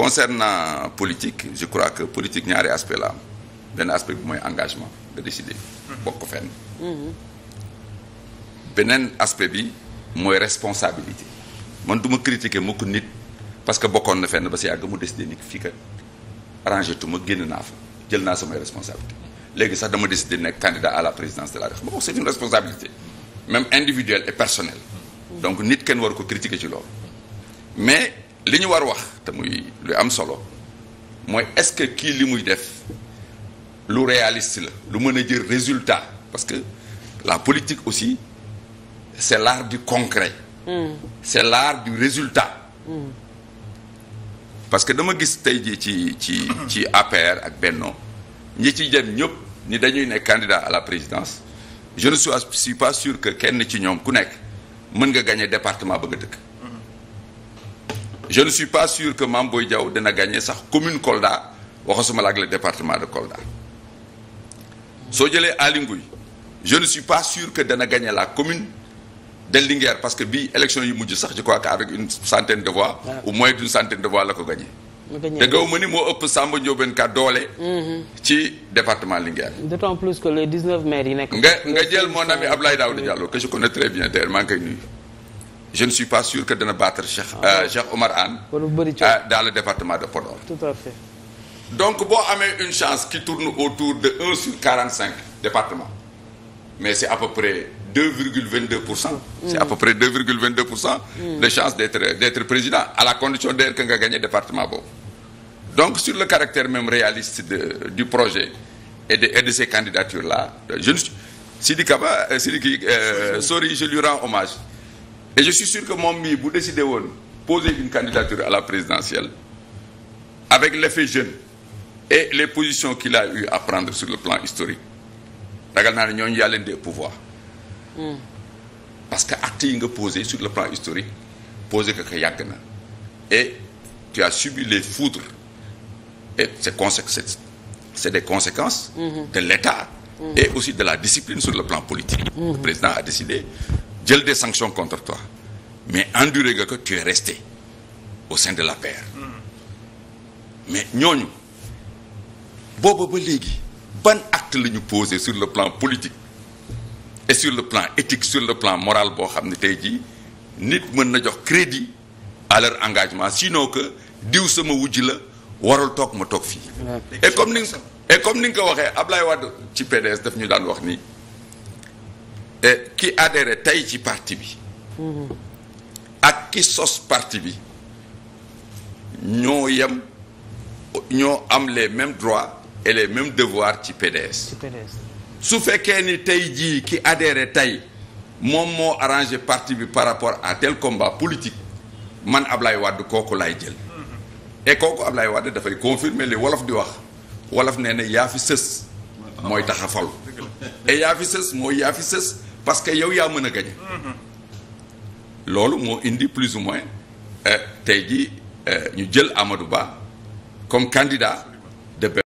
concernant politique je crois que politique ñaari aspect la benn aspect mooy engagement nga décider bokk fenn mhm. beneen aspect bi mooy responsabilité man du ma critiquer mukk nit parce que bokkoon na fenn ba si yàgg mu décider ni fii kat arrangé tuma génn naa fa jël naa samay responsabilité léegi sax dama décider nekk candidat à la présidence de la République bon c'est une responsabilité même individuelle et personnelle mhm. donc nit kenn war ko critiquer ci loolu mais li ñu war wax te muy lu am solo mooy est-ce que kii li muy def lu réaliste la lu mën a jël résultat parce que la politique aussi c'est l'art du concret mm. c'est l'art du résultat mm. parce que dama gis tey jii ci ci ci APR ak Benno ñi ci jëm ñëpp ni dañuy nekk candidat à la présidence je ne suis pas sûr que kenn ci ñoom ku nekk mën nga gagner département ba nga dëkk je ne suis pas sûr que Mame Boye Diao dina gagné sax commune Kolda waxasuma la ak le département de Kolda soo jëlee Aly Ngouille je ne suis pas sûr que dana gagné laa commune de Linguère parce que bii élection yi mujj sax je crois qu'avec une centaine de voix ah. ou moins d'une centaine de voix la ko gagné te gaw ma ni moo ëpp Samba Ndiobène doole mhm. ci département Linguère d'autant plus que les 19 maires yi nekk nga nga jël mon ami Abdoulaye Daouda Diallo que je connais très bien d'ailleurs maa ngi je ne suis que dana battre Cheikh euh, ah. Cheikh Omar Anne euh, dans le département de Podor amee une chance qui tourne autour de 1 sur 45 départements mais c'est à peu près 2,22 pour cent mm. c'est à peu près 2,22 mm. de chance d'être d'être président à la condition d'ailleurs que nga gagné département le caractère même réaliste du projet et de et de ces candidatures là je ne Sidiki Kaba euh, et je suis sûr que moom mii bu décidé woon poser une candidature à la présidentielle avec l'effet jeune et les positions qu'il a eu à prendre sur le plan historique ragal naa ne ñooñu yaa leen di pouvoir hmm. parce que acte yi nga posé sur le plan historique posé que que yàgg na et tu as subi les foudres et c'est conséquence c'est des conséquences mm-hmm. de l'État mm-hmm. et aussi de la discipline sur le plan politique mm-hmm. le président a décidé jël des sanctions contre toi mais enduré nga ko tu es resté au sein de la l'APR mais ñooñu booba ba léegi ban acte la ñu posé sur le plan politique et sur le plan éthique sur le plan morale boo xam ne tey jii nit mën na jox crédit à leur engagement sinon que diw sama wujj la warul toog ma toog fii et comme ni nga et comme ni nga ko waxee Ablaye Wade ci PDS daf ñu daan wax nii Eh, ki adhéré tey ci parti bi ak ki sos parti bi ñoo yem ñoo am les mêmes droits et les mêmes devoirs ci PDS su fekkee ni tey jii ki adhéré tey moom moo arrangé parti bi par rapport à tel combat politique man Ablaye wàdd kooku laay jël et kooku Ablaye Wade dafay confirmer li wolof di wax wolof nee na yaa fi sës mooy taxafal et yaa fi sës mooy yaa fi sës parce que yow yaa mën a gañe loolu moo indi plus ou moins eh, tey jii eh, ñu jël Amadou Ba comme candidat de